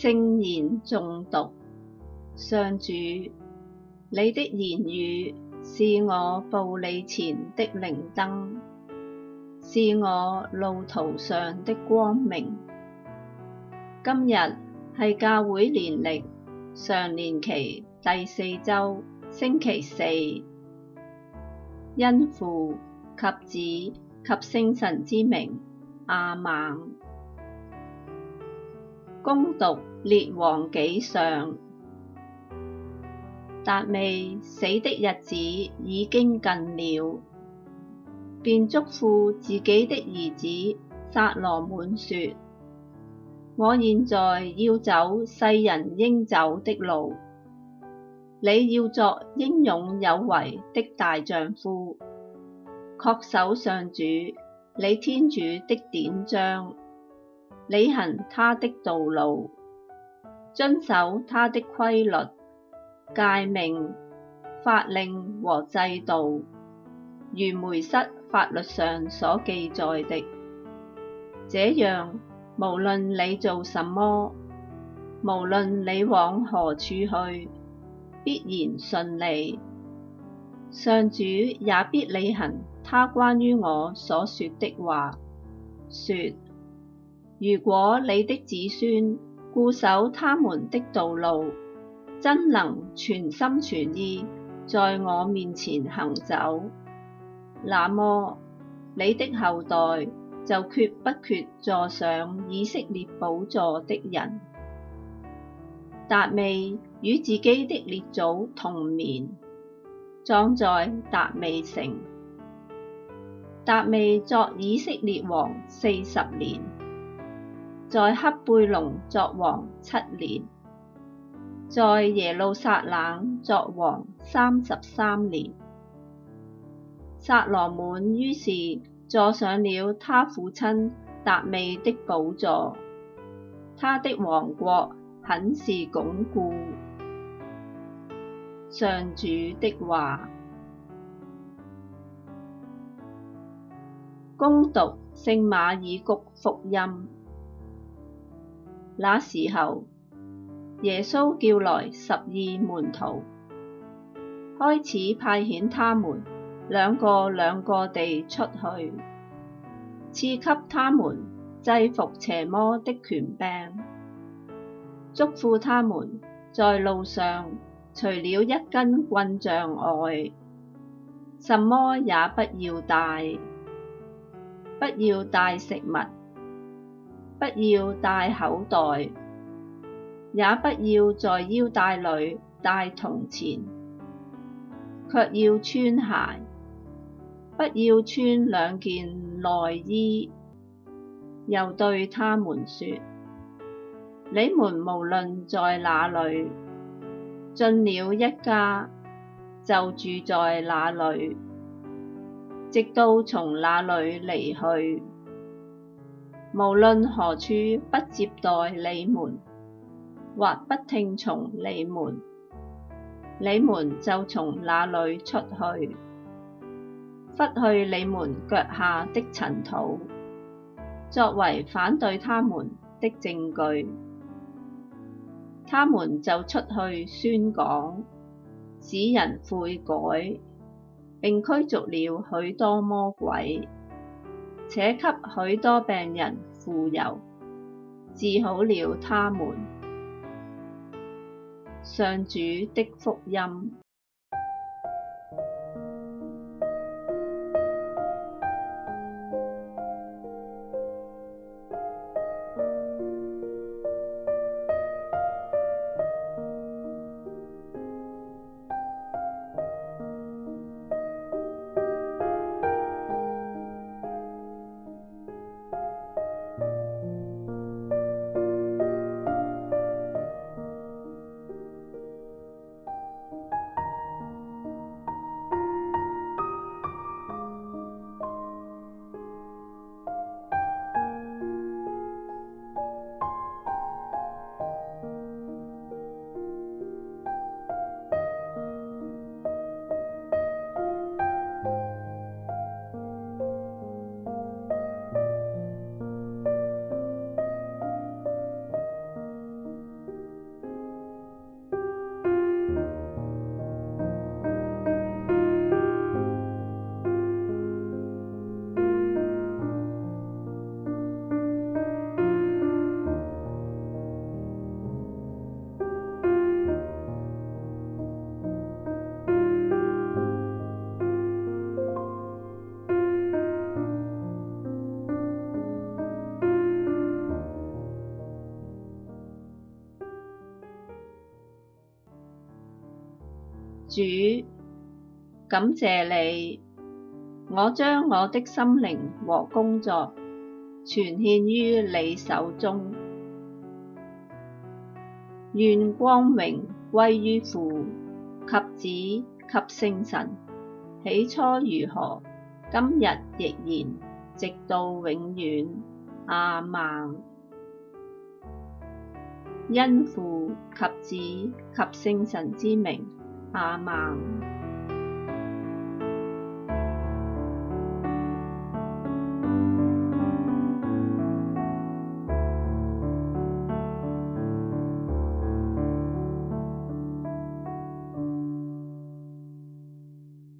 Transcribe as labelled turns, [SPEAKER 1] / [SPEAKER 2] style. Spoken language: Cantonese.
[SPEAKER 1] 聖言中毒，上主，你的言語是我步履前的靈燈，是我路途上的光明。今日係教會年曆常年期第四週星期四，因父及子及聖神之名，阿猛。恭讀列王紀上，達味死的日子已經近了，便囑咐自己的兒子撒羅滿說：「我現在要走世人應走的路，你要作英勇有為的大丈夫，恪守上主你天主的典章。」履行他的道路，遵守他的規律、誡命、法令和制度，如梅瑟法律上所記載的。這樣，無論你做什麼，無論你往何處去，必然順利。上主也必履行他關於我所說的話，說。如果你的子孫固守他們的道路，真能全心全意在我面前行走，那麼你的後代就決不缺坐上以色列寶座的人。達味與自己的列祖同眠，葬在達味城。達味作以色列王四十年。在赫貝龍作王七年，在耶路撒冷作王三十三年。撒羅滿於是坐上了他父親達味的寶座，他的王國很是鞏固。上主的話，恭讀《聖馬爾谷福音》。那時候，耶穌叫來十二門徒，開始派遣他們兩個兩個地出去，賜給他們制伏邪魔的權柄，囑咐他們在路上，除了一根棍杖外，什麼也不要帶，不要帶食物。不要帶口袋，也不要在腰帶裏帶銅錢，卻要穿鞋，不要穿兩件內衣。又對他們說：你們無論在哪裏，進了一家就住在那裏，直到從那裏離去。無論何處不接待你們，或不聽從你們，你們就從那裏出去，拂去你們腳下的塵土，作為反對他們的證據。他們就出去宣講，使人悔改，並驅逐了許多魔鬼。且給許多病人傅油，治好了他們。上主的福音。主，感謝你，我將我的心靈和工作全獻於你手中，願光榮歸於父及子及聖神，起初如何，今日亦然，直到永遠。阿、啊、孟，因父及子及聖神之名。阿媽。